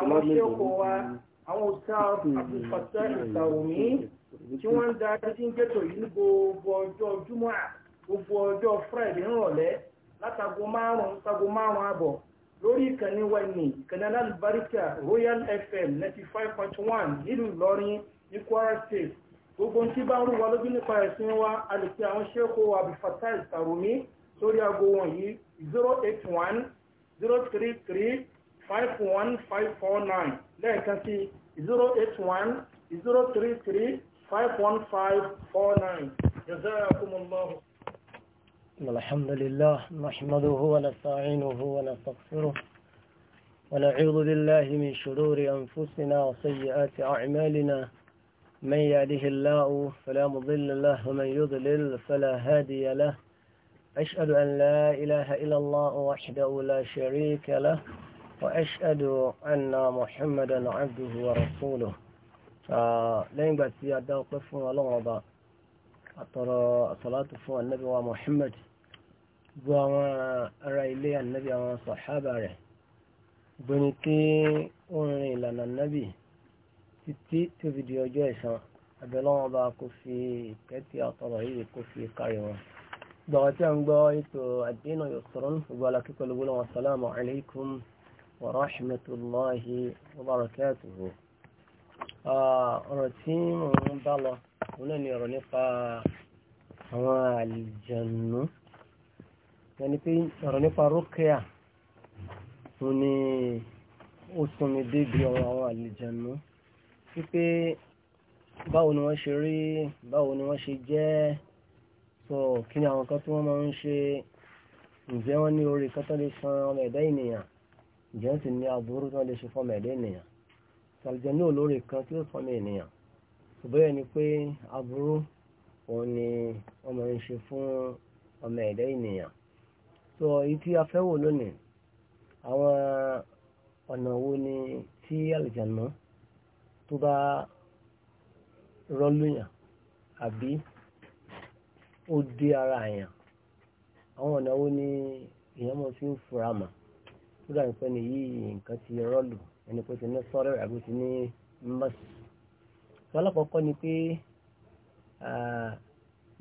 àwọn ṣẹ́kọ̀ọ́ wa àwọn òṣìṣẹ́ àfihàn ìṣàwòmí tí wọ́n ń darí sí gẹ́tò yìí ní gbogbo ọjọ́ júmọ́ gbogbo ọjọ́ friday ńrọ̀lẹ́ látago márùn-ún tago márùn-ún àbọ̀ lórí ìkànnì wẹ̀nì ìkànnì alábàríkà royal fm ninety five point one nílùú ìlọrin ní kwara state gbogbo tí bá ń rú wa lójú nípa ẹ̀sìn wa a lè pe àwọn ṣẹ́kọ̀ọ́ àbífàtà ìṣàwòmí sórí aago wọ̀nyí zero eight one zero three three. 51549 one five four nine lẹ́ẹ̀kan sí zero جزاكم الله. الحمد لله نحمده ونستعينه ونستغفره ونعوذ بالله من شرور أنفسنا وسيئات أعمالنا من يهده الله فلا مضل له ومن يضلل فلا هادي له أشهد أن لا إله إلا الله وحده لا شريك له وأشهد أن محمدا عبده ورسوله لين باتي أدى قفوا ولغضا أطرى صلاة فوق النبي ومحمد وما أرى إلي النبي وما صحابه بنكي أرني لنا النبي títí tó fi di ọjọ́ ẹ̀san abẹ́lọ́wọ́n bá kó fi kẹ́tì àtọ̀rọ̀ yìí kó fi kárí wọn. gbọ̀wọ́ tí a ń gbọ́ ètò àdínà yóò sọ̀rọ̀ nípa gbọ́lá kíkọ́ lóbólọ́wọ́ sálámù alaykum ورحمة الله وبركاته ọ̀rọ̀ tí mò ń bá lọ الجنة. يعني ni ọ̀rọ̀ nípa àwọn àlìjànú ẹni pé الجنة. nípa rókèà òun ni ó súnmi débi ọ̀rọ̀ àwọn àlìjànú wípé báwo ni wọ́n ṣe rí báwo ni wọ́n ṣe jẹ́ sọ kí ni àwọn kan tí wọ́n máa ń ṣe ǹjẹ́ wọ́n ní orí kan tó lè san ọmọ ẹ̀dá ènìyàn ǹjẹ́ sì ní aburú tí wọ́n lè ṣe fọ́mọ ẹ̀dẹ́ ènìyàn sàlìjẹ́ ní olórí kan tí ó fọ́mọ ènìyàn ṣùgbọ́n ni pé aburú òun ni ọmọ ń ṣe fún ọmọ ẹ̀dẹ́ ènìyàn tó èyí tí a fẹ́ wò lónìí àwọn ọ̀nà wo ni tí àlìjànà tó bá rọ́lùyàn àbí ó dé ara àyàn àwọn ọ̀nà wo ni èèyàn mọ̀ sí ń fura mọ̀ kúrò àǹfẹ́ ni yìí nǹkan ti rọ́ọ̀lù ẹni pé ti ní sọ́rẹ́ àbí ti ní mọ́sù. alákọ̀ọ́kọ́ ni pé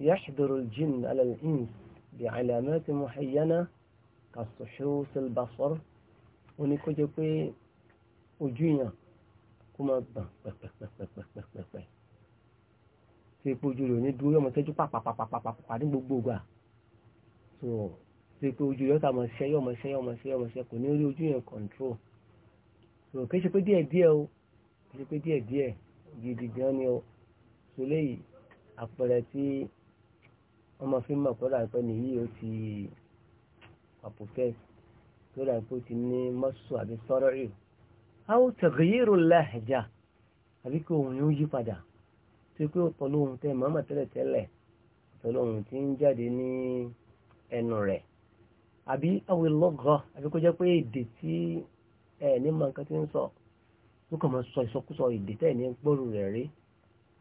yàṣùdùrù jìn alẹ́lẹ́hìn bí àlàmẹ́tì mọ̀hẹ́yánná kàṣùṣù sílbàṣọ́r ó ní kó jẹ́ pé ojú yàn kó máa gbọ̀n pẹ̀pẹ̀pẹ̀pẹ̀pẹ̀pẹ̀ tí epo ojú rẹ̀ ò ní dúró yọmọ tẹ́jú pàpàpàpàpàpà ní gbogbo gbà ṣe pé ojú yọ́ta mọ̀ ṣẹ́ yọ́ mọ̀ ṣẹ́ yọ́ mọ̀ ṣẹ́ yọ́ mọ̀ ṣẹ́ kò ní rí ojú yẹn kọ̀ǹtró so kì í ṣe pé díẹ̀ díẹ̀ o kì í ṣe pé díẹ̀ díẹ̀ gidi gan ni o so léyìí àpẹẹrẹ tí wọ́n máa fi mọ̀ kọ́dà pé nìyí o ti àpòfẹ́sì kọ́dà pé o ti ní mọ́sù àbí sọ́rọ́ rì àwọn taghyir al àbí kí òun yóò yí padà tó pé pẹ̀lú ohun tẹ àbí àwọn lọ́gọ́ àbí pé èdè tí ẹ ní mọ nǹkan tí ń sọ ló kàn máa sọ ìsọkúsọ èdè tẹ́ ní gbòòrò rẹ̀ rí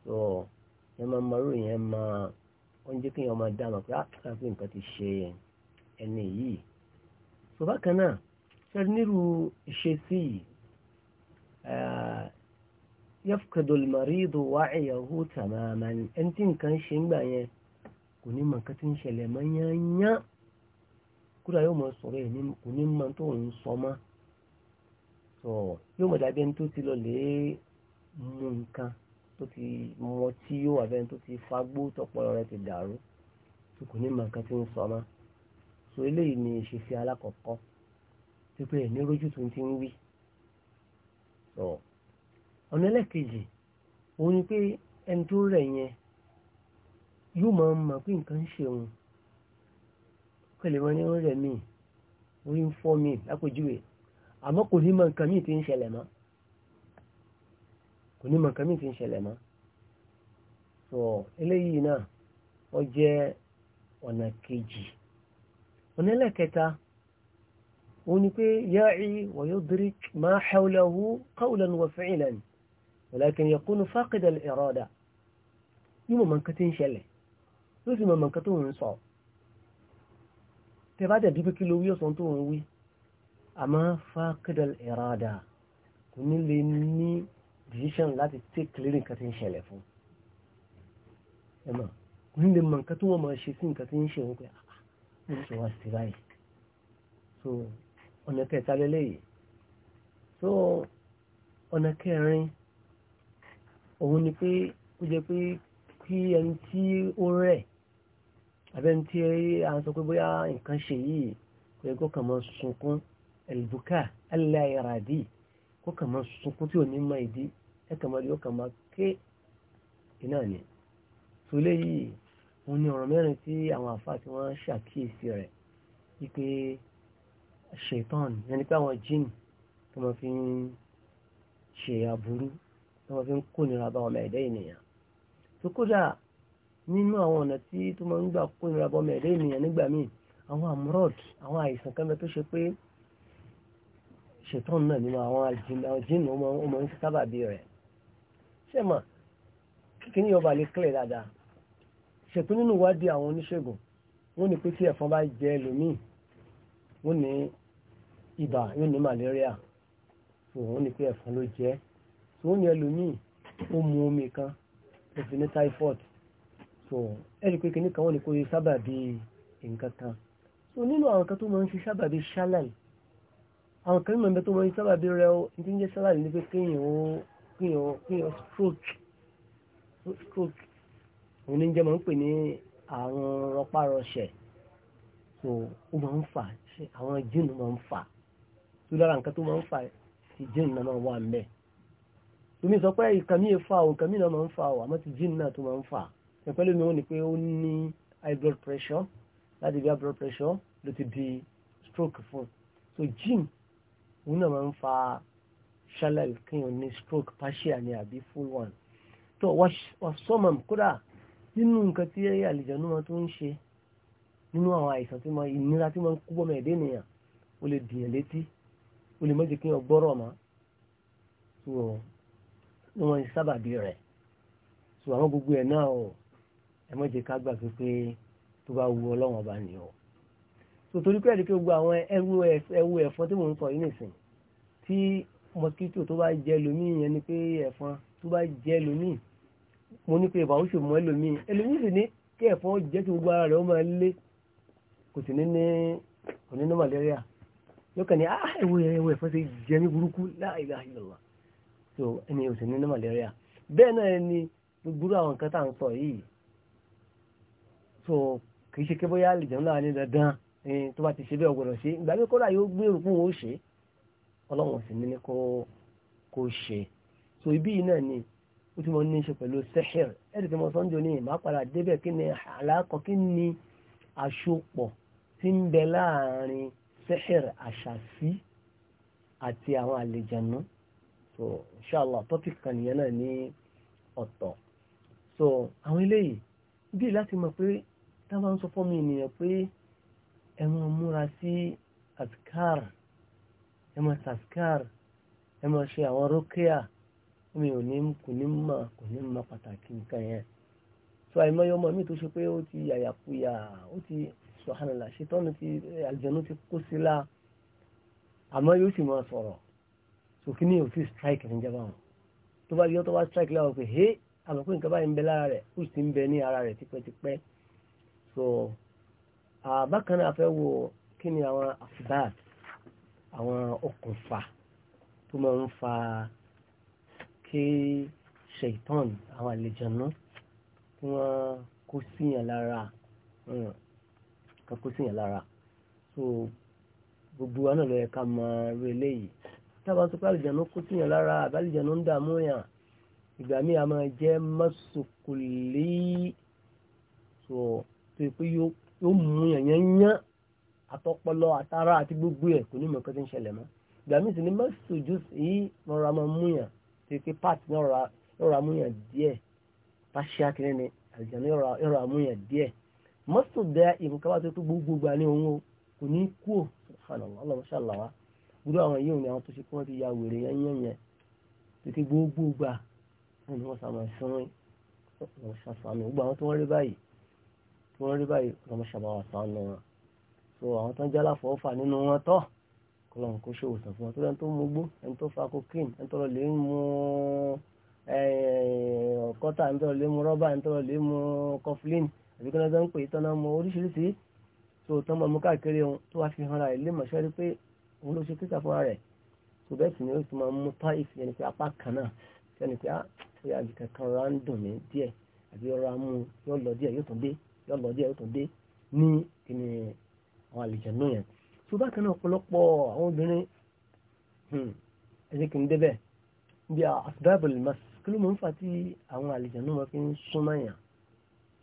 tó ẹ máa mọ irú máa wọ́n jẹ́ kí èèyàn máa dáná pé àkàkọ́ ah, nǹkan ti ṣe ẹni yìí náà nírú ìṣesí yìí ẹni kúrò yóò mọ sọ̀rọ̀ ẹ̀ kò ní mọ tó ń sọ mọ́ sọ yóò mọ̀ dàbí ẹni tó ti lọ lè mú nǹkan tó ti mọ tí yóò wà bẹ́ẹ̀ tó ti fagbó tọpọlọ rẹ ti dàrú tó kò ní mọ nǹkan tó ń sọ mọ́ so eléyìí ni ìṣesí alákọ̀ọ́kọ́ tó pé ẹ̀ ní rójú tó ti ń wí sọ ọ̀nà ẹlẹ́kejì òun ni pé ẹni tó rẹ̀ yẹn yóò máa mọ̀ pé nǹkan ń ṣe òun pẹ̀lú wọn ní ó rẹ̀ mí orí ń fọ́ mi lápòjúwe àmọ́ kò ní mọ nǹkan míì tí ń ṣẹlẹ̀ mọ́ kò ní mọ nǹkan míì tí ń ṣẹlẹ̀ mọ́ so eléyìí náà ó jẹ́ ọ̀nà kejì ọ̀nà ẹlẹ́kẹta òun ni pé ya'i wa yudrik ma hawlahu qawlan wa fi'lan walakin yakunu faqida al-irada yóò mọ̀ mọ̀ nǹkan tí ń ṣẹlẹ̀ yóò sì mọ̀ nǹkan tó ń sọ̀rọ̀ tẹ bá dẹ̀bí pé kí ló wí ọ̀sán tó ń wí àmọ́ fákẹ́dẹ̀l ìràdà kò ní lè ní decision láti take clear nǹkan tí ń ṣẹlẹ̀ fún ẹ̀mọ́ kò ní lè mọ nǹkan tó wọ́n máa ṣe sí nǹkan tí ń ṣe òun pé ó ah, ń ṣe wá sí báyìí so ọ̀nà kẹta lélẹ́yìí so ọ̀nà kẹrin òun ni pé ó jẹ́ pé kí ẹni tí ó rẹ̀ abẹ́ni tí a ń sọ pé bóyá nǹkan ṣe yìí pé kó kàn mọ́ sunkún ẹ̀lùbùkà aláìràdì kó kàn mọ́ sunkún tí ò ní mọ ìdí ẹ̀kàn mọ́ yóò kàn mọ́ ké iná ni. tó léyìí òun ni ọ̀rọ̀ mẹ́rin tí àwọn àfáà tí wọ́n ṣàkíyèsí rẹ̀ wípé ṣètọ́n ẹni pé àwọn jíìnì tó máa fi ń ṣe aburú tó máa fi ń kó nira bá ọmọ ẹ̀dá ènìyàn. tó kódà nínú àwọn ọ̀nà tí tó máa ń gbà kó ìrora bọ́ mẹ́ẹ̀dẹ́ ènìyàn nígbà míì àwọn amúrọ̀d àwọn àìsàn kan bẹ tó ṣe pé ṣètọ́n náà nínú àwọn àjìnà ọmọ ń sábà bí rẹ̀ ṣe mà kíkíní ọba lè kílẹ̀ dáadáa ṣètò nínú ìwádìí àwọn oníṣègùn wọ́n ní pé tí ẹ̀fọn bá jẹ ẹlòmíì wọ́n ní ibà yóò ní malaria wọ́n ní pé ẹ̀fọn ló jẹ wọ́n ní ẹlòmíì ó mu omi kan ó fi ní typhoid so ẹ̀rí pé kìíní kan wọ́n ní kó yẹ sábà bí nǹkan kan so nínú àwọn kan tó máa ń ṣe sábà bí ṣálàlì àwọn kan mọ̀ tó máa ń sábà bí rẹ o ní jẹ́ ṣálàlì ní pé kéèyàn stroke stroke òun ní jẹ́ máa ń pè ní àrùn rọpárọsẹ̀ so ó máa ń fà àwọn jíìnì máa ń fà tó lára nǹkan tó máa ń fà ìkàmí fa o ìkàmí náà máa ń fa o àmọ́ ti jíìnì náà tó máa ń fà á pẹ̀lú mi ó ní pé ó ní high blood pressure láti bí high blood pressure ló ti di stroke fún so gym òun náà máa ń fa shalal kéèyàn ní stroke partial ni àbí full one tó wàsọ́mọ̀m kódà nínú nǹkan tí àlìjánu máa tó ń ṣe nínú àwọn àìsàn tí máa ìnira tí máa ń kú bọ́mọ ẹ̀dẹ́ nìyàn ó lè dìyàn létí ó lè mọ́jì kéèyàn gbọ́rọ̀ mọ́ so ni wọ́n sábàbí rẹ̀ so àwọn gbogbo ẹ̀ náà o ẹ má jẹ́ ká gbàgbé pé tó bá wu ọlọ́run ọba nìyẹn o so torí pé ẹ̀rí pé gbogbo àwọn ẹwu ẹ̀fọn tí mò ń sọ yìí nìsín tí mosquito tó bá jẹ lómi yẹn ni pé ẹ̀fọn tó bá jẹ lómi mo ní pé ìbá ó sì mọ ẹlòmí ẹlòmí sì ní kí ẹ̀fọn jẹ́ kí gbogbo ara rẹ̀ ó máa lé kò sì ní ní kò ní ní malaria yóò kàn ní ah ẹwu ẹwu ẹ̀fọn ti jẹ mí burúkú la ilaha so ẹni ò sì ní ní malaria bẹ́ẹ̀ náà ni gbogbo àwọn nǹkan tá à ń sọ yìí so kì í ṣe pé bóyá àlìjẹun náà ní dandan tó bá ti ṣe bẹ́ẹ̀ ọgbọ̀dọ̀ ṣe ìgbà mi kọ́ra yóò gbé òkú wọn ó ṣe ọlọ́run sì ní kó kó ṣe so ibi yìí náà ni ó ti mọ ní ṣe pẹ̀lú sehir ẹ̀rì tí mo sọ ń jò ní ìmá padà débẹ̀ kí ni àlákọ̀ kí ni àṣopọ̀ tí ń bẹ láàrin sehir àṣàṣì àti àwọn àlìjẹun so inshallah topic kan nìyẹn náà ní ọ̀tọ̀ so àwọn eléyìí bí láti mọ̀ pé tábà ń sọ fún mi ènìyàn pé ẹ máa múra sí azkar ẹ máa saskar ẹ máa ṣe àwọn rókèà mi ò ní kò ní mọ kò ní mọ pàtàkì nǹkan yẹn tó àìmọye ọmọ mi tó ṣe pé ó ti yàyàkuyà ó ti sọ̀hánilà ṣetán ti àlùjànnú ti kó sí la àmọ́ yóò sì máa sọ̀rọ̀ sòkí ní òfin strike ní ìjọba wọn tó bá yọ tó bá strike láwọn pé hé àmọ́ pé nǹkan báyìí ń bẹ lára rẹ̀ ó sì ń bẹ ní ara rẹ̀ tipẹ́tipẹ́ so àbákan náà fẹ́ wo kí ni àwọn asbab àwọn okùnfà tó máa ń fa kí ṣèitán àwọn àlejànú tí wọ́n kó síyàn lára hmm, kan kó síyàn lára so gbogbo wa náà ló yẹ ká máa rí eléyìí tábà sọ pé àlejànú kó síyàn lára àbí àlejànú ń dààmú yàn ìgbà míì a máa jẹ́ mọ́sùkùlì so tó yẹ pé yóò mú yànyàn yán àtọpọlọ àtàrà àti gbogbo ẹ̀ kò ní mọ̀ nǹkan tí ń ṣẹlẹ̀ mọ́ ìgbà míì sì ni mẹ́sàn-án ojú yìí rọra máa mú yàn tó pé páàtì náà rọra mú yàn díẹ̀ pàṣẹ kìíní ni àlìjáná rọra mú yàn díẹ̀ mọ́sàn-án dẹ ìmùká wá tó yẹ pé gbogbo gbà ní òun o kò ní kú ò ṣàlàwà gbúdọ̀ àwọn yìí ni àwọn tó ṣe kí wọ́n gbogbo àwọn tó tí wọ́n rí báyìí lọ́mọ ṣàbáwà sànù wọn so àwọn tó ń jẹ́ aláfọwọ́fà nínú wọn tọ́ kọlọ́n kó ṣe òsàn fún wọn tó lẹ́nu tó mú gbó ẹni tó fa cocaine ẹni tó lọ lè mú ọ̀kọ́tà ẹni tó lọ lè mú rọ́bà ẹni tó lọ lè mú kọflin àbí kí wọ́n tó ń pè é tọ́nà mọ oríṣiríṣi so tó ń bọ̀ mú káàkiri ohun tó wá fi hàn ra ilé mọ̀ṣẹ́ rí pé òun ló ṣe kíkà fúnra rẹ̀ so bẹ́ẹ̀ sì ni ó ti máa mú táìf yẹn ni pé apá kan náà yẹn ni pé á ah, ó yà àbí kankan rà ń dùn mí díẹ̀ àbí ọ̀rọ̀ amú yóò lọ díẹ̀ yóò tún dé yóò lọ díẹ̀ ó tún dé ní kíni àwọn àlùjànnú yẹn tó bá kan náà ọ̀pọ̀lọpọ̀ àwọn obìnrin hmm, ẹ̀jẹ̀ kì í débẹ̀ bí asbabul mas kí ló mọ̀ ń fà tí àwọn àlùjànnú wọn fi ń súnmọ́ yàn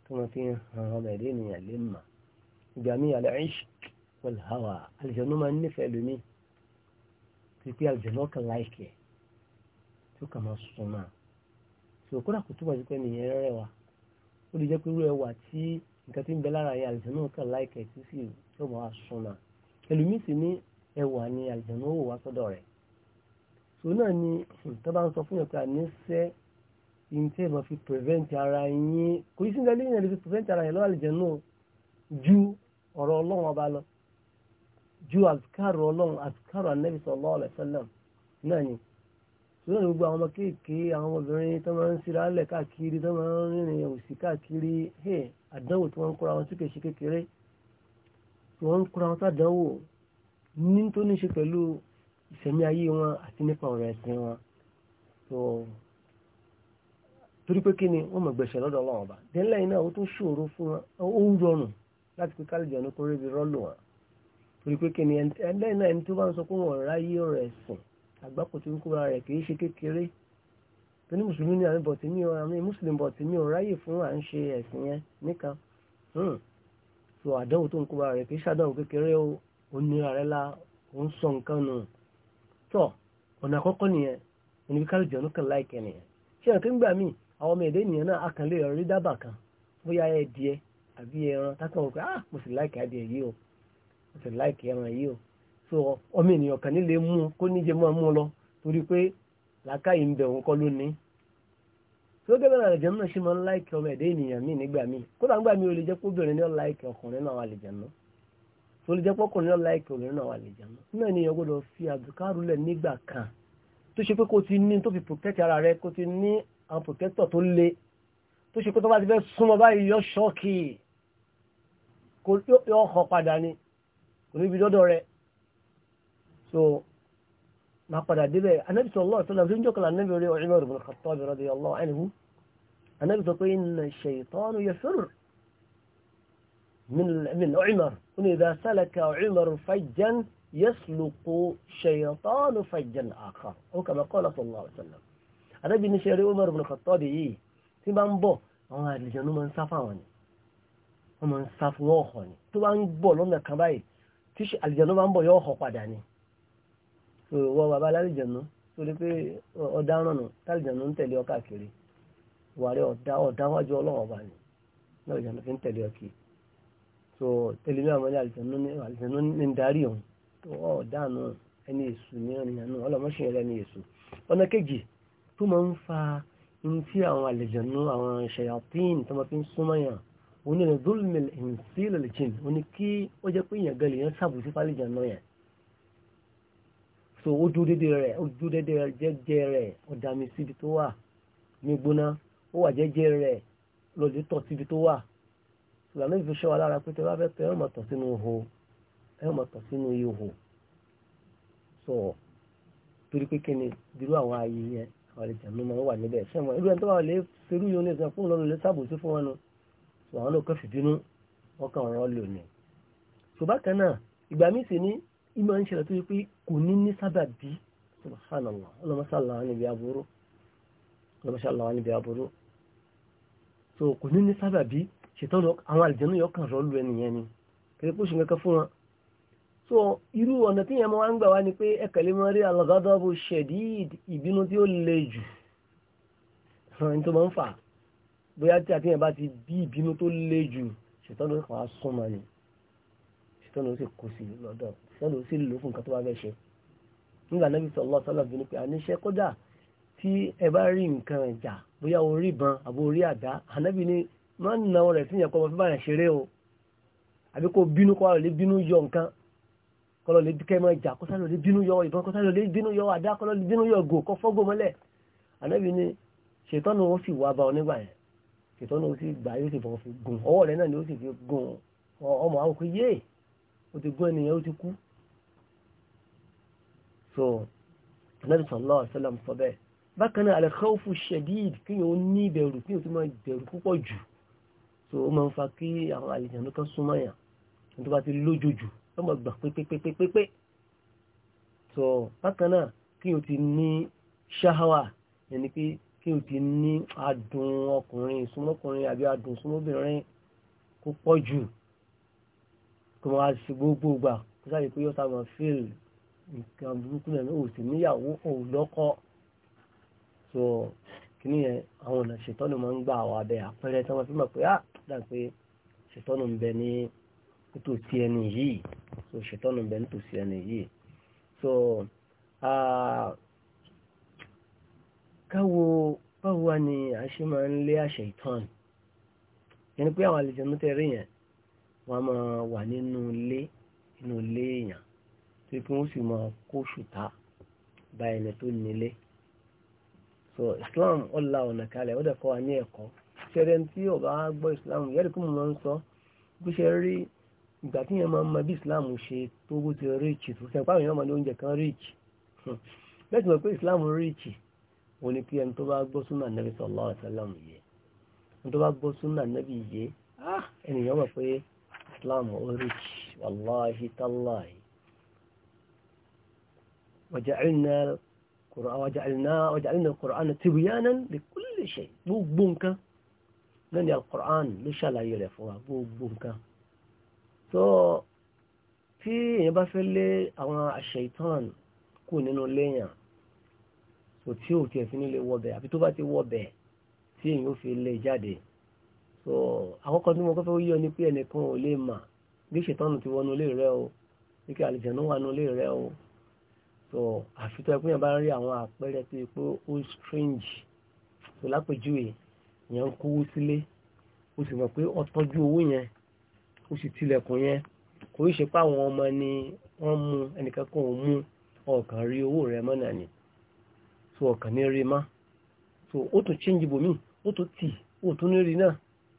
tó wọn fi ń hàn ọmọ ẹ̀dẹ́ ènìyàn lè mà ìgbà mi àlẹ́ ìṣ wal hawa àlùjànnú máa ń nífẹ̀ẹ́ lómi pípé àlùjànnú kan láìkẹ́ tó kà máa súnmọ́ so kódà kò túbọ̀ sí pé nìyẹn rẹwà ó lè jẹ́ pé irú ẹwà tí nǹkan tí ń bẹ lára yẹn àlìjẹ̀nú kan láìkẹ̀ tí sì tó máa súnmọ́ ẹlòmíì sì ní ẹwà ni àlìjẹ̀nú wò wá sọ́dọ̀ rẹ̀ so náà ni hmm, tó bá ń sọ fún yàn pé àníṣẹ́ ìǹtẹ́ ìmọ̀ fi prevent ara yín kò yí sí ní ẹlẹ́yìn ẹ̀lẹ́ fi prevent ara yẹn lọ́wọ́ àlìjẹ̀nú ju ọ̀rọ̀ ọlọ́run ọba lọ ju àzùkárò ọlọ́run àzùkárò ànábì sallallahu alaihi wasallam náà ni sọ́dọ̀ ní gbogbo àwọn ọmọ kéèké àwọn ọmọbìnrin tó máa ń sira lẹ̀ àdánwò tí wọ́n ń kóra wọn sí kèsì kékeré tí wọ́n ń kóra wọn sádánwò ní tó ní ṣe pẹ̀lú ìṣẹ̀mí ayé wọn àti nípa ọ̀rọ̀ ẹ̀sìn wọn torí pé kí ni wọ́n mọ̀ gbẹ̀ṣẹ̀ lọ́dọ̀ ọlọ́run ọba délẹ̀ iná ó tún ṣòro fún wọn ó ń rọrùn láti pé kálíjọ ní kórè bí rọ́ọ̀lù wọn torí pé kí ni ẹlẹ́yìn náà ẹni tó bá ń sọ pé wọn ráyé ọ̀rọ̀ ẹ̀sìn àgbákò tó ń kóra rẹ̀ kì í ṣe kékeré tó ní mùsùlùmí ni àwọn bọ̀tí mi ò àmì mùsùlùmí bọ̀tí mi ò ráyè fún à ń ṣe ẹ̀sìn yẹn nìkan hmm. so àdánwò tó ń kó bára rẹ̀ kì í ṣàdánwò kékeré o ò nira la ò ń sọ nǹkan nù tọ́ ọ̀nà àkọ́kọ́ nìyẹn oníbi kárí jọ̀ọ́nù kan láìkẹ́ nìyẹn ṣé ẹ̀kí ń gbà mí àwọn ọmọ èdè ènìyàn náà akànlé rí dábàá kan bóyá ẹ̀dìẹ àbí ẹran tákàn wọ́n pé ah mo sì láìkẹ́ adìẹ yìí o mo sì láìkẹ́ ẹran so ọmọ ènìyàn kan nílé mú kó níjẹ máa mú tó gẹ́gẹ́ náà àlejò náà ṣe máa ń láìkì ọmọ ẹ̀dẹ́ ènìyàn míì nígbà míì kódà ńgbà míì ó lè jẹ́ pé obìnrin náà láìkì ọkùnrin náà wà lè jẹun náà tó lè jẹ́ pé ọkùnrin náà láìkì obìnrin náà wà lè jẹun náà nínú ènìyàn gbọ́dọ̀ fi àbùkárù lẹ̀ nígbà kan tó ṣe pé kó ti ní tó fi protect ara rẹ kó ti ní àwọn protector tó le tó ṣe pé tó bá ti fẹ́ súnmọ́ báyìí yọ ṣọ́ọ̀kì kò yọ ọkọ̀ padà ni kò níbi dọ́dọ̀ rẹ so máa padà débẹ̀ anábì sallallahu alaihi wasallam tó ń jọ́kọ̀lá anábì orí Umar ibn Khattab radiyallahu anhu anábì sọ pé inna shaytanu yafirru min Umar ní idha salaka Umar fajjan yasluqu shaytanu fajjan akhar ó kama qala sallallahu alaihi wasallam anábì ní sẹ́rí Umar ibn Khattab yìí tí bá ń bọ̀ àwọn àlejò máa ń sá fáwọn ni wọ́n máa ń sá fún ọ̀họ̀ ni tó bá ń bọ̀ lọ́nà kan báyìí tí àlejò máa ń bọ̀ yóò họ̀ padà ni wọ bàbá alálìjẹ̀nú torí pé ọ̀daràn nù tálìjẹ̀nú ń tẹ̀lé ọ káàkiri wàrẹ́ ọ̀dá ọ̀dá wájú ọlọ́wọ́ bá ní alálìjẹ̀nú fi ń tẹ̀lé ọ kì so tẹ̀lé mi àwọn alálìjẹ̀nú ní alálìjẹ̀nú ní ń darí òun tó ọ̀daràn ẹni èṣù ní ọ̀nìyànú ọlọ́mọṣẹ́ rẹ ní èṣù ọ̀nà kejì tó máa ń fa ní tí àwọn àlìjẹ̀nú àwọn ṣayatin tó máa fi ń súnmọ́yàn onílẹ̀ zulmil insil aljin oní kí ó jẹ́ pé èèyàn gẹ̀lẹ́ yẹn sábùsí fálìjẹ̀nú yẹn so ó dúró dédé rẹ̀ ó dúró dédé rẹ̀ jẹ́jẹ́ rẹ̀ ó dà mí síbi tó wà ní gbóná ó wà jẹ́jẹ́ rẹ̀ lọ́dún tọ̀ síbi tó wà ìlànà ìfi ṣọ́ wa lára pé tẹ bá fẹ́ tẹ ẹ máa tọ̀ sínú ihò ẹ máa tọ̀ sínú ihò so torí pé kí ni dúró àwọn ààyè yẹn àwọn àlejò ló máa wà níbẹ̀ ṣé wọn irú ẹni tó wà lè serú yìí ó ní ìsìn fún lọ́nà lè sábòsí fún wọn nu so àwọn náà kẹfì bínú wọn kàn rán lò ní. so náà ìgbà míì sì ní ìmọ̀ ń ṣẹlẹ̀ tó yẹ pé kò ní ní sábà bí subhanallah ọlọ́mọṣàlá wà níbi aburú ọlọ́mọṣàlá wà níbi aburú so kò ní ní sábà bí ṣètọ́nù àwọn àlìjẹ́nú yọ kàn rọ́ọ̀lù ẹnìyẹn ni kẹ́lẹ́ pọ́ṣù kankan so irú ọ̀nà tí yẹn máa ń gbà wá ni pé ẹ̀kẹ́lẹ́ máa rí alagadabu shadid ìbínú tí ó le jù ọ̀rọ̀ tó máa ń fà bóyá tí ṣètọ́nù ó sì kó sí lọ́dọ̀ ṣètọ́nù ó sì lò fún nǹkan tó bá fẹ́ ṣe nígbà náà sọ lọ sọlọ bí ní pé àníṣe kódà tí ẹ bá rí nǹkan ìjà bóyá orí ìbọn àbò orí àdá ànábì ni máa ń na rẹ̀ sí ìyẹ̀kọ́ ọmọ fífà yẹn ṣeré o àbí kó bínú kọ́ lè bínú yọ nǹkan kọ́ lè kẹ́ mọ́ ìjà kọ́ sáré lè bínú yọ ìbọn kọ́ sáré lè bínú yọ àdá kọ́ lè bínú yọ ògò kọ́ fọ́gò mọ́lẹ̀ ànábì ni ṣètọ́nù ó sì wá bá ọ nígbà yẹn ṣètọ́nù ó sì gbà yóò sì fọwọ́ fi gùn ọwọ́ rẹ̀ náà ni ó sì fi gùn ọmọ àwọn kò ó ti gún ẹnìyàn ó ti kú so nabi sallallahu alaihi wasallam sọ bẹ́ẹ̀ bákan náà al-khawfu shadid kí yóò ní ìbẹ̀rù kí yóò ti máa bẹ̀rù púpọ̀ jù so ó máa ń fa kí àwọn àlejò kan súnmọ́ yàn tó bá ti lójoojú wọ́n máa gbà pépépépépépé so bákan náà kí yóò ti ní ṣáháwà yẹn ni pé kí o ti ní adùn ọkùnrin ìsúnmọ́kùnrin àbí adùn ìsúnmọ́bìnrin kó jù kí wọ́n á ṣe gbogbo gbà kó sáyé pé yóò sábà fíl nǹkan burúkú náà ní òsì níyàwó òun so kí ni yẹn àwọn ọ̀nà ṣètọ́nù máa ń gbà wà bẹ́ẹ̀ àpẹẹrẹ tí wọ́n fi mọ̀ pé á ah, dà pé ṣètọ́nù ń bẹ ní nítòsí ẹni yìí so ṣètọ́nù ń bẹ nítòsí ẹni yìí so káwo báwo wá ni a ṣe máa ń lé àṣẹ ìtọ́nù yẹn ni pé àwọn àlejò ń tẹ̀rí yẹn wọ́n máa wà nínú ilé nínú ilé èèyàn tí kí wọ́n sì máa kó ṣùtá bá ẹni tó nílé so Islam ọ̀la ọ̀nà kalẹ̀ ó dẹ̀kọ́ wa ní ẹ̀kọ́ ṣẹlẹ̀ tí ọba gbọ́ Islam yẹ́rì kí mo máa ń sọ bó ṣe rí ìgbà tí yẹn máa ń mọ bí Islam ṣe tó bó ti ríìchì tó sẹ́pà àwọn èèyàn máa ní oúnjẹ kan ríìchì bẹ́ẹ̀ tí mo pé Islam ríìchì òun ni kí ẹni tó bá gbọ́ súnà nẹ́bí sallallahu alaihi wasallam yẹ ẹni tó bá gbọ́ súnà nẹ́bí yẹ ènìyàn mọ̀ pé Islam ó rich wàláhi tàláhi wàjàìlínà al-Qur'an tibyanan li kulli shay gbogbo nǹkan náà ni al-Qur'an ló ṣàlàyé rẹ̀ fún wa gbogbo nǹkan so tí èyàn bá fẹ́ lé àwọn aṣeitan kù nínú léyàn so tí ò tiẹ̀ fi ní lè wọbẹ̀ àbí tó ti wọbẹ̀ tí èyàn ó so àkọ́kọ́ tí mo kọ́kọ́ yọ ni pé ẹnìkan ò lè mà bí ṣètọ́nù ti wọnú ilé rẹ o bí kí àlìjẹ̀nú wà nú ilé rẹ o so àfitọ́ ẹkún yẹn bá rí àwọn àpẹẹrẹ tó yẹ pé ó strange so lápèjúwe yẹn ń kówó sílé ó sì mọ̀ pé ó tọ́jú owó yẹn ó sì tilẹ̀kùn yẹn kò í ṣe pé àwọn ọmọ ni wọ́n mú ẹnìkan kan ò mú ọkàn rí owó rẹ mọ́ náà ni so ọkàn ní rí má so ó tún change bòmíì ó tún tì ó tún ní rí náà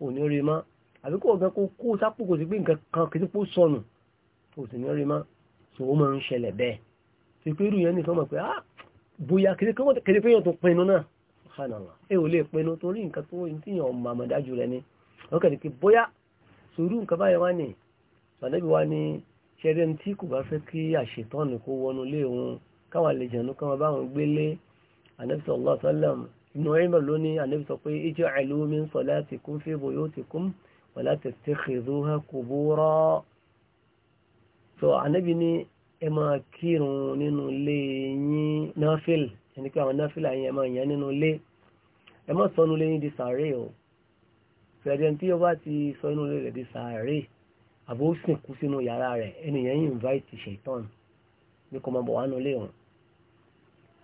ò ní rí mọ́ àbí kò gan kó kó sápò kò sí pé nǹkan kan kì í pò sọnù kò sì ní rí mọ́ so ó máa ń ṣẹlẹ̀ bẹ́ẹ̀ tí pé irú yẹn nìkan mọ̀ pé ah bóyá kìí pé yàn tó pinnu náà subhanallah ẹ ò lè pinnu torí nǹkan tó ń tíyàn ọmọ àmọ̀dájú rẹ ni wọ́n ní pé bóyá sùúrù nǹkan báyẹn wá ní sàdébí wá ní ṣẹ́rẹ́ tí kò bá fẹ́ kí àṣetọ́nù kó wọnú lé òun káwọn àlejò nùhẹ́mà ló ní ànábì sọ pé ij'alu min salatikum fi buyutikum wa la tattakhidhuha qubura so ànábì ní ẹ máa kírun nínú ilé yín náfìl ẹni pé àwọn náfìl àyìn ẹ máa yàn nínú ilé ẹ má sọ nínú di sàárè o fẹ̀rẹ̀ tí ó bá ti sọ inú ilé di sàárè àbó sìnkú sínú yàrá rẹ̀ ẹnìyàn yìí invite ṣètọ́n ní kò máa bọ̀ wá nínú wọn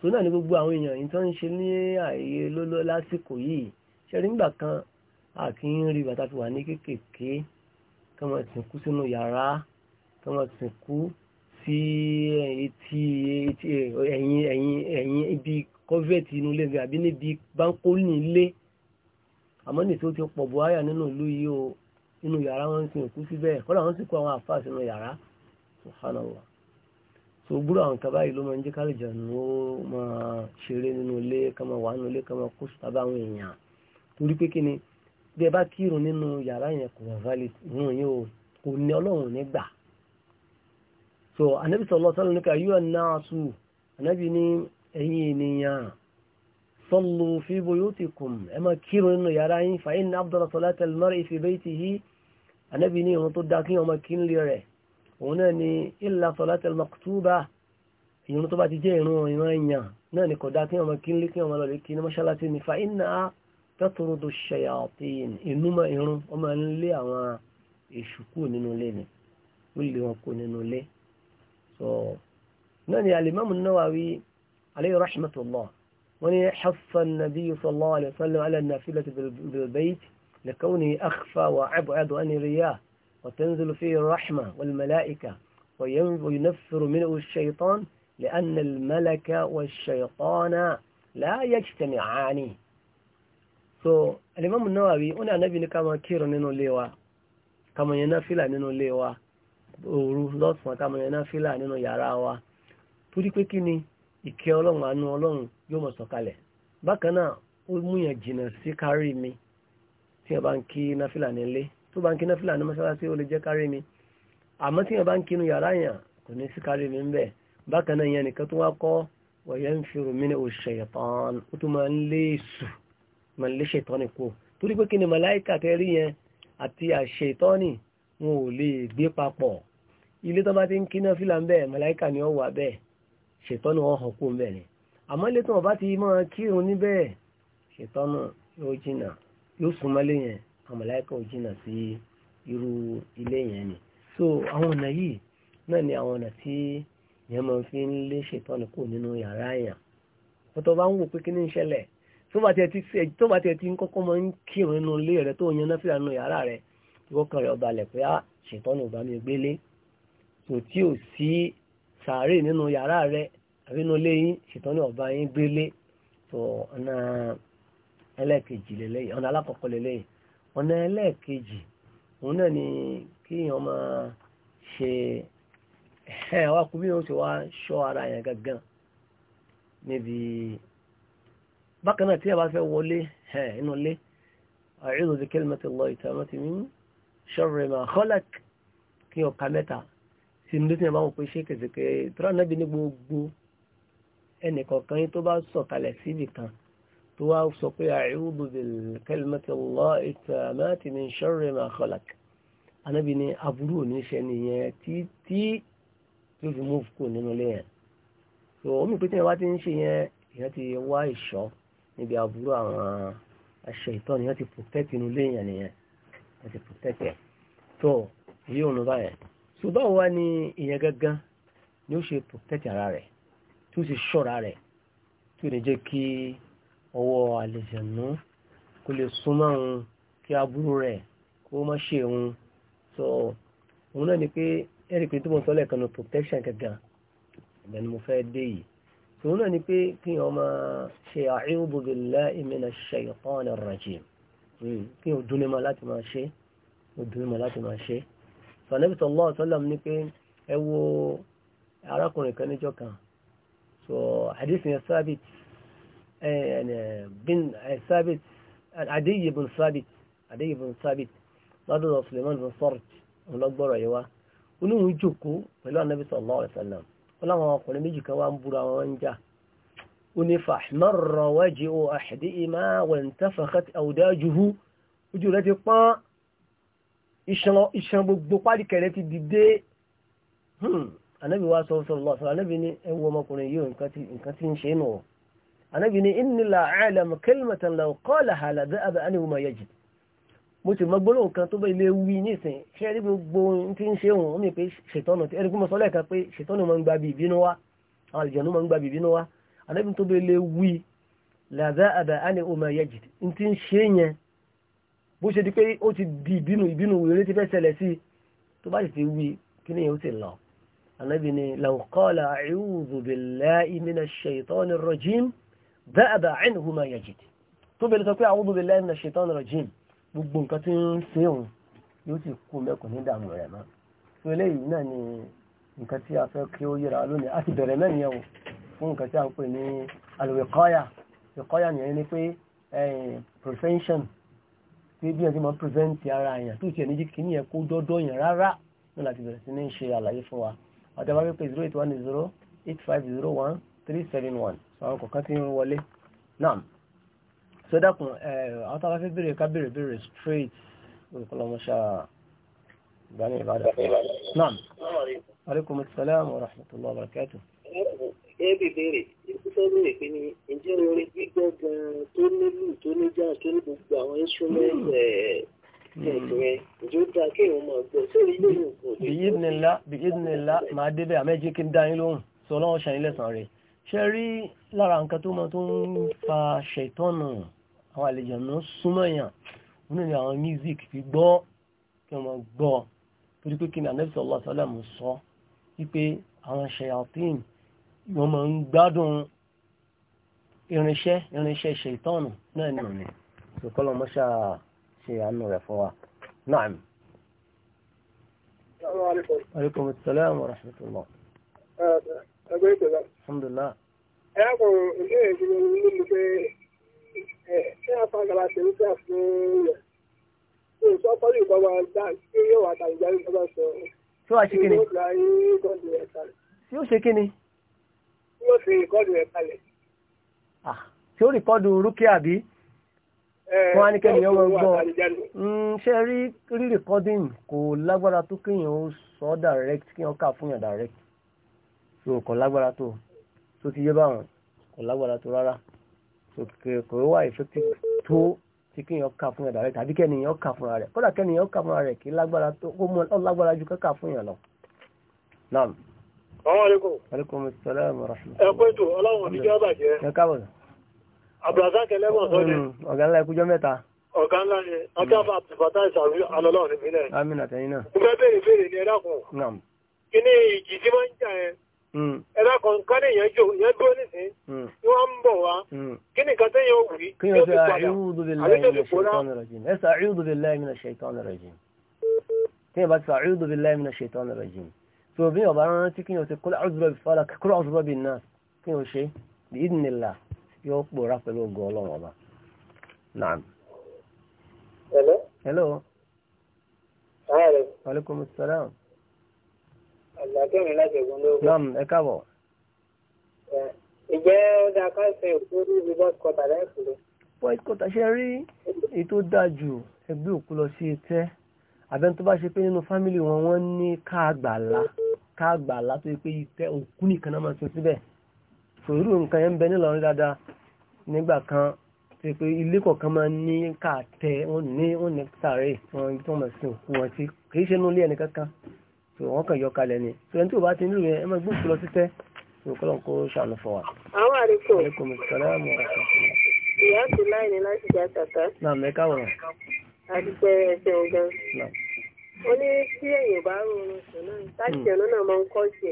tó náà ní gbogbo àwọn èèyàn yìí tó ń ṣe ní ààyè lóló lásìkò yìí ṣẹ́rí nígbà kan a kì í rí bàtà fi wà ní kéékèèké kí wọ́n sì kú sínú yàrá kí wọ́n sì kú sí etí ẹ̀yìn ẹ̀yìn ẹ̀yìn ibi kọ́fẹ́ẹ̀tì inú ilé àbí níbi báńkólì ilé àmọ́ nìtí ó ti pọ̀ bọ́ àyà nínú ìlú yìí o nínú yàrá wọn ń sin síbẹ̀ kọ́lá wọn sì kó àwọn àfáà sínú yàrá subhanallah so gbúrò àwọn kaba yìí ló máa ń jẹ́ káàlì jẹun ó máa ṣeré nínú ilé ká máa wà nínú ilé ká máa kó sùtà bá àwọn èèyàn torí pé kí ni bí ẹ bá kírun nínú yàrá yẹn kò wà valid ìrun yìí kò ní ọlọ́run ní gbà so anabi sallallahu alaihi wasallam ní ká yóò náà sù anabi ní ẹ̀yin ènìyàn sallu fi buyutikum ẹ máa kírun nínú yàrá yín fa inna afdala salati al-mar'i fi baytihi anabi ní ìrun tó dá kí ọmọ kí ń lè rẹ̀ òun náà ni illa salat al-maktuba ìrun tó bá ti jẹ́ ìrun ìran èèyàn náà ni kódà kí ọmọ kí ń lé kí ọmọ lọ́lẹ̀ kí ní mọ́ṣáláṣí ni fa inna tatrudu shayatin inú mọ́ ìrun ọmọ ń lé àwọn èṣù kú nínú ilé ni ó lé wọn kú nínú ilé so náà ni وتنزل فيه الرحمة والملائكة وينفر منه الشيطان لأن الملك والشيطان لا يجتمعان so Al-Imam An-Nawawi ó ní Ànábì ní ká máa kírun nínú ilé wa ká máa yan náfílà nínú ilé wa òru lọ́sàn ká máa yan náfílà nínú yàrá wa torí pé kí ni ìkẹ́ Ọlọ́run àánú Ọlọ́run yóò máa sọ̀kalẹ̀ bákan náà ó múyàn jìnnà sí kárí mi tí a bá ń kí náfílà nílé tó bá ń kíná fìlànà mọ́sálásí ó lè jẹ́ kárí mi àmọ́ tí yẹn bá ń kinu yàrá yàn kò ní sí kárí mi ń bẹ̀ bákan náà yẹn nìkan tó wá kọ́ wọ̀nyẹn ń fi rùmí ní òṣèyàn ó tún máa ń lé èṣù máa ń lé ṣètọ́ni kú torí pé kí yóò jìnnà yóò súnmọ́lé yẹn àmàláìkà ò jìnà sí irú ilé yẹn ni so àwọn ọ̀nà yìí náà ni àwọn ọ̀nà tí yẹn máa fi ń lé ṣètọ́ni kù nínú yàrá yẹn ọ̀tọ̀ bá ń wò pé kí ní ń ṣẹlẹ̀ tó bá tiẹ̀ ti ń kọ́kọ́ máa ń kírun nínú ilé rẹ̀ tó yan náà fìlà nínú yàrá rẹ̀ ìwọ́kàn rẹ̀ ọba lẹ̀ pé á ah, ṣètọ́ni mi gbélé kò tí ò sí sàárè nínú yàrá rẹ̀ àbí inú ilé yín ṣètọ́ni ọba yín gbélé tó ọ̀nà ẹlẹ́ẹ̀kejì lélẹ́yìn ọ̀nà alákọ̀ọ́kọ́ lélẹ́yìn ọ̀nà ẹlẹ́ẹ̀kejì òun náà ni kíyàn máa ṣe ẹ̀ wá kú bí wọ́n ti wá ṣọ́ ara yẹn gangan níbi bákan náà tí a bá fẹ́ wọlé ẹ̀ inú ilé a'udhu bi kalimati Allahi tammati min sharri ma khalaq kí ọ̀ka mẹ́ta sí ní tí a pé ṣé kẹsìkẹ́ tọ́lá náà bí ní gbogbo ẹnìkọ̀ọ̀kan yín tó bá sọ̀kalẹ̀ síbì kan tó wá sọ pé a'udhu bil kalimati Allahi tammati min sharri ma khalaq anábì ní aburú ò ní ṣe nìyẹn títí tó fi mú kù nínú ilé yẹn so omi pété yẹn wá ti ń ṣe yẹn ìyẹn ti wá ìṣọ́ níbi aburú àwọn ẹ̀ṣẹ̀ ìtọ́ nìyẹn ti protect inú ilé yẹn nìyẹn wọ́n ti protect tó yí òun báyẹn so báwo wá ní ìyẹn gángan ni ó ṣe protect ara rẹ̀ tí ṣe ṣọ́ra rẹ̀ tí ní jẹ́ kí ọwọ́ àlejànú kó lè súnmọ́ òun kí aburú rẹ̀ kó má ṣe òun so òun náà ni pé ẹ̀rí pé tí mo sọ lẹ́ẹ̀kan ní protection kankan ìgbà mo fẹ́ dé yìí so òun náà ni pé kí wọ́n máa ṣe a'udhu billahi minash shaytanir rajim hmm, kí wọ́n dúnlé máa láti máa ṣe wọ́n dúnlé so Ànábì sallallahu alaihi wasallam ní pé ẹ wo arákùnrin kan níjọ́ so hadith yẹn sábìtì bin sabit adiyi bin sabit adiyi bin sabit lọ́dọ̀ suleiman bin sort ọlọ́gbọ́rọ̀ yìí wá oníhun jòkó pẹ̀lú anabi sallallahu alaihi wasallam wọn làwọn ọkùnrin méjì kan wá ń búra wọn ń jà ó ní fàhmọ́rọ̀ wájú o àṣìdí ìmá wẹ̀ntẹ́fẹ̀kẹ́t àwùdájúhu ojú rẹ̀ ti pọ́n iṣan gbogbo pálíkẹ̀rẹ̀ ti dìde anabi wa sallallahu alaihi wasallam anabi ní ẹwọ ọmọkùnrin yìí nǹkan ti ń ṣe nù ọ́ anábì ní inni la a'lamu kalimatan law qalaha la dhahaba anhu ma yajid mo ti mọ́gbọ́nà kan tó bá ilé wí nísìn ṣe rí gbogbo tí ń ṣe òun mi pé ṣètọ́nù tí ẹ̀rí kúmọ̀ sọ́lẹ̀ kan pé ṣètọ́nù máa ń gba bìbí inú wa àwọn àlùjọ̀nù máa ń gba bìbí inú wa anábì tó bá ilé wí la dhahaba anhu ma yajid tí ń ṣe yẹn bó di pé ó ti di ìbínú ìbínú wèrè ti fẹ́ ṣẹlẹ̀ sí tó bá ti wí kí ni ti lọ anábì ni law qala a'udhu billahi minash shaytanir rajim dáàbà àìnìhù máa yẹ̀jìdì tó bẹ̀rẹ̀ sọ pé a'udhu billahi minash shaitani rajim gbogbo nǹkan tí ń ṣe òun yóò sì kú mẹ́kùn ní dààmú rẹ̀ mọ́ tó eléyìí náà ni nǹkan tí a fẹ́ kí ó yẹra lónìí a ti bẹ̀rẹ̀ mẹ́rin yẹn fún nǹkan tí a ń pè ní àwọn kọ̀ọ̀kan tí ń wọlé náà so dákun àwọn tàbí fẹ́ bèèrè ká bèèrè bèèrè straight olùkọ́lọmọṣà ìbáni ìbádà náà alaikum salam wa rahmatullahi wa barakatuh. ẹbí béèrè ìfúnfẹ́ béèrè pé ní ǹjẹ́ orin gbígbọ́ gan-an tó nílù tó níjà tó ní gbogbo àwọn instrument bìyìdìnnìlá bìyìdìnnìlá máa débẹ̀ àmẹ́jì kí n dá yín lóhùn sọ ọlọ́run ṣàyìn lẹ́sàn-án rẹ̀ ṣe rí lára nǹkan tó mọ́ tó ń fa ṣẹ̀tọ́nù àwọn àlejò náà súnmọ́ èèyàn nínú ni àwọn music fi gbọ́ kí wọ́n gbọ́ torí pé kí ni Ànábì sallallahu alaihi wasallam sọ wípé àwọn ṣayatin wọ́n máa ń gbádùn irinṣẹ́ irinṣẹ́ ṣẹ̀tọ́nù náà nù ni ìkọlọ̀ mọ́ṣá ṣe àánú rẹ̀ fún náà mi. Assalamu alaikum. Wa alaikum assalam wa rahmatullah ẹ̀kùn ilé ìgbìmọ̀ ní mi pé ṣé àfàgàlà ṣe ń gbà fún yẹn kí n sọ pọ́lì ìjọba dá kí yóò wà tàbí jáde ìjọba sọ. tí wàá ṣe kí ni. tí yóò ṣe kí ni. tí yóò ṣe ìkọ́dù rẹ̀ kalẹ̀. tí ó rìkọ́dù rúkìá bí. wọ́n á ní kẹ́ni ọmọ gbọ́ ṣe hmm, rí rírìkọ́dìn kò lágbára tó kéèyàn ó sọ direct kéèyàn kà fún yàn direct so kò lágbára tó tó ti yé báwọn kò lágbára tó rárá kò wá effective tó tí kí èèyàn kà fún ẹ̀dá rẹ̀ tàbí kẹ́niyàn kà fúnra rẹ̀ kódà kẹ́niyàn kà fúnra rẹ̀ kí lágbára tó kó mọ́ lágbára ju kẹ́kà fún èèyàn lọ. naam. Assalamu alaikum. aleykum salaam wa rahmatulah. ẹ pé tó ọlọ́run ò ní jẹ́ bàjẹ́. ẹ káàbọ̀. abdulrasaq ẹlẹ́gbọ̀n sọ́dẹ̀. Hmm, ọ̀gá ńlá ikú kọ̀ǹkan èèyàn jò èèyàn dúró nísìn tí hmm. wọ́n ń bọ̀ wá hmm. kí nìkan tẹ́yìn ó wí kí ó fi padà àlejò fi pòórá. ẹ sàcúdù bí láì mìíràn ṣètò ọ̀nà rẹ̀jìn tí yẹn bá ti sàcúdù bí láì mìíràn ṣètò ọ̀nà rẹ̀jìn tí òbí ọ̀bá rán tí kí yẹn ti kúrò àdúrà bí fọlá kúrò àdúrà bí náà kí yẹn ṣe bí ìdìnnìlà yóò pòórá pẹ̀lú ògùn ọlọ́run ọba. naam. hello. hello. aleykum salaam. àgbà kẹ́mi láti ẹ̀gbọ́n lóko. naam ẹ káàbọ̀ ǹjẹ́ ó dáa ká ṣe òkú níbi bọ́ọ̀kọ̀tà lẹ́kùn lọ. bọ́ọ̀kọ̀tà ṣe rí èyí tó dáa jù ẹgbẹ́ òkú lọ sí etẹ́ àbẹ́ni tó bá ṣe pé nínú fámìlì wọn wọ́n ní káàgbàlá káàgbàlá tó yẹ pé ìtẹ́ òkú nìkan náà máa tún síbẹ̀ sòrú nǹkan yẹn ń bẹ nílọrin dáadáa nígbà kan tó yẹ pé ilé kọ̀ọ̀kan máa ní káàtẹ́ wọ́n ní wọ́n ní sàárè wọn tó máa sin òkú wọn sí kì í ṣe inú ilé ẹnì kankan tó wọ́n kàn yọ kalẹ̀ ni tó ẹni tí ò bá ti nílò yẹn ẹ máa gbóòkú lọ sí tẹ́ so kọ́lọ̀ kó ṣàánú fún wa. àwọn àríkò àríkò sọ̀rọ̀ àmọ́ ọ̀sán. ìyá ti láìní láti jà tàtà. náà mẹ́ka wọ̀rọ̀. àdìgbẹ́ ẹsẹ̀ ọ̀gá. ó ní tí èèyàn bá rọrùn sùn náà láti hmm. ẹ̀nà náà máa ń kọ́ jẹ.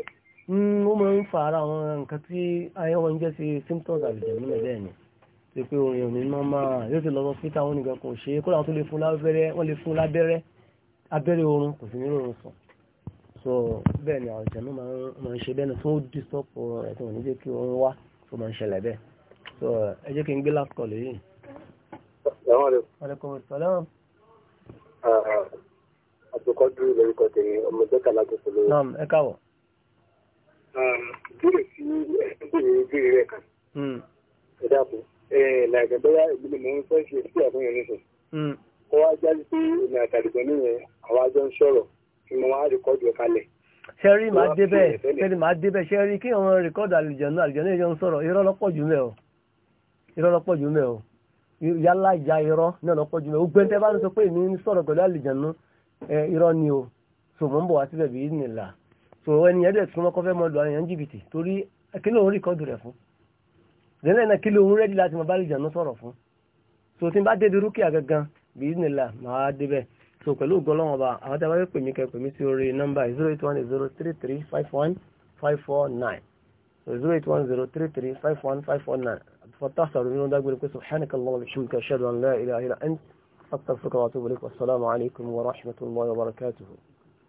Hmm, ó máa ń fa ara àwọn nǹkan tí ayẹwo ń jẹ́ sí symptoms àbìjẹ́ nílẹ̀ bẹ́ẹ̀ ni ṣe pé orin òní nọ́mà yóò ti lọ sọ pé táwọn nìkan kò ṣe é kó làwọn tó lè so bẹ́ẹ̀ ni àwọn ìjànú máa ń ṣe bẹ́ẹ̀ ni fún disturb ẹ̀sìn òní jẹ́ kí wọ́n wá tó máa ń ṣẹlẹ̀ bẹ́ẹ̀ so ẹ jẹ́ kí n gbé last call yìí. aleykum salaam. àtòkọ́ dúró lórúkọ tèmi ọmọ dọ́kà lágbèsè lórí. naam ẹ káwọ. Um, ìbéèrè sí ìbéèrè ìbéèrè rẹ kan. Hmm. ẹ dákun ẹ làgbẹ̀ bóyá ìbílẹ̀ mọ̀ ń fẹ́ ṣe sí àfihàn nísìn. kó wá jáde pé ìmọ̀ àtàlùbọ̀ nìyẹn àwọn àjọ ń sọ̀rọ̀ ìmọ̀ wọn á rìkọ́dù ẹ̀ kalẹ̀. sẹ́rí máa dé bẹ́ẹ̀ sẹ́rí máa dé bẹ́ẹ̀ sẹ́rí kí wọ́n rìkọ́dù àlùjànnú àlùjànnú ìjọ ń sọ̀rọ̀ irọ́ lọ́pọ̀ jù mẹ́ o irọ́ lọ́pọ̀ jù mẹ́ o yálà ya irọ́ náà lọ́pọ̀ jù mẹ́ o gbẹ́ntẹ́ tẹ́ bá ń sọ pé èmi ń sọ̀rọ̀ pẹ̀lú àlùjànnú irọ́ ni o so mò ń bọ̀ wá síbẹ̀ bí nìlà so ẹni yẹn dẹ̀ tún mọ́kọ́ fẹ́ mọ́ lu àyàn jìbìtì torí kí ló ń rìkọ́dù rẹ̀ fún lẹ́lẹ́ náà kí ló ń rẹ́dí láti mọ bá àlùjànnú sọ̀rọ̀ fún so tí n bá dé di rúkìá gangan bí nìlà màá débẹ̀ so pẹ̀lú ògbọ́lọ́wọ́ ọba àwọn tí a bá fẹ́ mí kẹ́ pè mí sí orí nọ́mbà zero eight one zero three three five one five four nine zero eight one zero three three five one five four nine فتح صار من داك بلك سبحانك اللهم وبحمدك اشهد ان لا اله الا انت استغفرك واتوب اليك والسلام عليكم ورحمه الله وبركاته